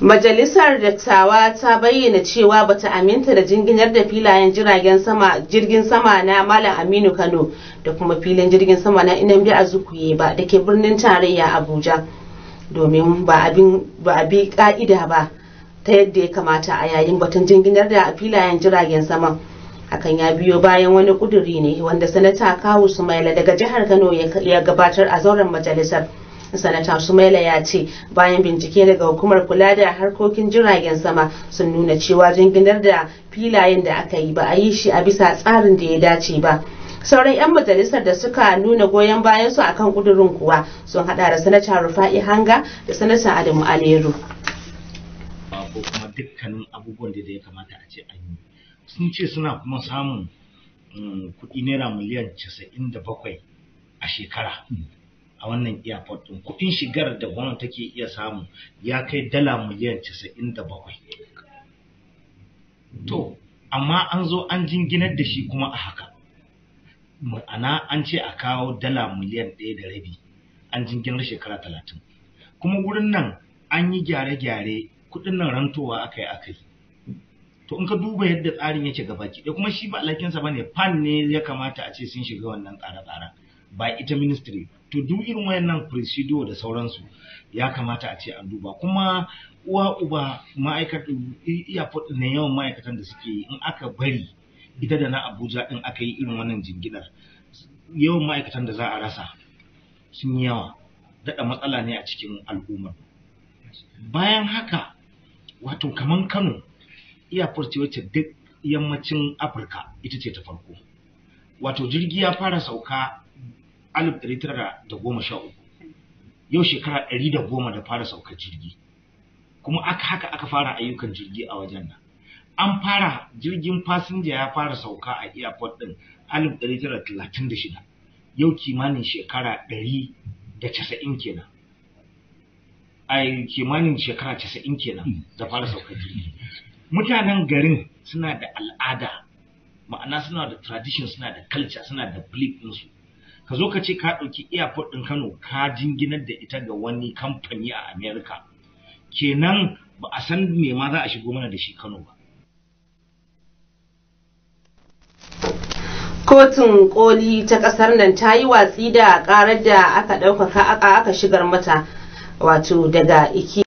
Majalisar Dattawa ta bayyana cewa bata aminta da jinginar da filayen jiragen sama jirgin sama na Malam Aminu Kano da kuma filin jirgin sama na Inambi Azukuye ba da ke birnin tarayya Abuja domin ba a bi ka'ida ba ta yadda ya kamata a yayin batun jinginar da filayen jiragen sama. Hakan ya biyo bayan wani kuduri ne wanda sanata Kawu Sumaila daga jihar Kano ya gabatar a zauren majalisar. sanata sumaila ya ce bayan bincike daga hukumar kula da harkokin jiragen sama sun nuna cewa jinginar da filayen da aka yi ba a yi shi a bisa tsarin da ya dace ba sauran 'yan majalisar da suka nuna goyon bayan su akan kudurin kuwa sun hada da sanata rufa'i hanga da sanata adamu aleru ko kuma dukkanin abubuwan da ya kamata a ce an yi sun ce suna kuma samun mm, kuɗi naira miliyan 97 a shekara a wannan airport din kuɗin shigar da gwamnati take iya samu ya kai dala miliyan casa'in da bakwai to amma an zo an jinginar da shi kuma a haka ma'ana an ce a kawo dala miliyan ɗaya da rabi an jinginar shekara talatin kuma wurin nan an yi gyare-gyare kuɗin nan rantowa akai akai to in ka duba yadda tsarin yake gabaki ɗaya kuma shi ba alakinsa ba ne fan ne ya kamata a ce sun shiga wannan tsare-tsaren ba ita ministry to duk irin wayannan presidio da sauransu ya kamata a ce an duba kuma uwa uba ma'aikatan iya na yawan ma'aikatan da suke yi in aka bari ita da na abuja in aka yi irin wannan jingidar yawan ma'aikatan da za a rasa sun yawa daɗa matsala ne a cikin al'ummar bayan haka wato kaman kano iya ce wacce duk yammacin afirka ita ce ta farko wato jirgi ya fara sauka 1913 ɗari tara da goma yau shekara ɗari da goma da fara saukar jirgi kuma aka haka aka fara ayyukan jirgi a wajen nan an fara jirgin fasinja ya fara sauka a airport ɗin alif ɗari tara talatin da shida yau kimanin shekara ɗari da casa'in kenan ai kimanin shekara casa'in kenan da fara saukar jirgi mutanen garin suna da al'ada ma'ana suna da tradition suna da culture suna da belief su. ka zo ka ce ka ɗauki airport ɗin Kano ka jinginar da ita ga wani kamfani a America kenan ba a san me ma za a shigo mana da shi Kano ba kotun koli ta kasar nan ta yi watsi da karar da aka ɗaukaka aka shigar mata wato daga iki